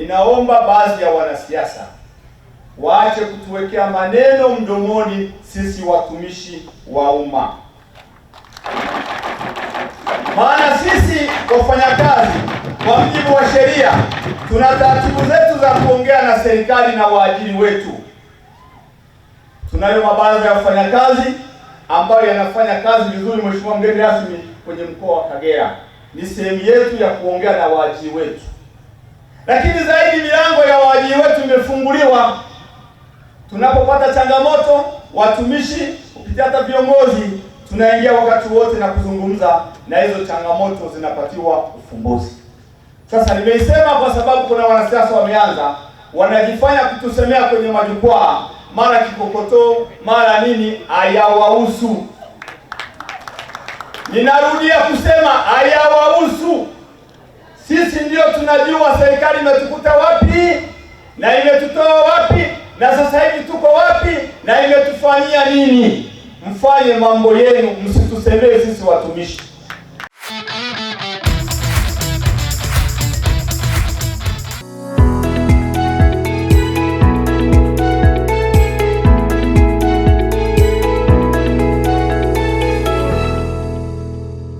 Ninaomba baadhi ya wanasiasa waache kutuwekea maneno mdomoni sisi watumishi wa umma, maana sisi wafanyakazi, kwa mujibu wa sheria, tuna taratibu zetu za kuongea na serikali na waajiri wetu. Tunayo mabaraza ya wafanyakazi ambayo yanafanya kazi vizuri. Mheshimiwa mgeni rasmi, kwenye mkoa wa Kagera ni sehemu yetu ya kuongea na waajiri wetu. Lakini zaidi milango ya waajiri wetu imefunguliwa. Tunapopata changamoto, watumishi kupitia hata viongozi, tunaingia wakati wote na kuzungumza na hizo changamoto, zinapatiwa ufumbuzi. Sasa nimeisema kwa sababu kuna wanasiasa wameanza wanajifanya kutusemea kwenye majukwaa, mara kikokotoo, mara nini, hayawahusu. Ninarudia kusema haya tunajua serikali imetukuta wapi na imetutoa wapi na sasa hivi tuko wapi na imetufanyia nini. Mfanye mambo yenu, msitusemee sisi watumishi.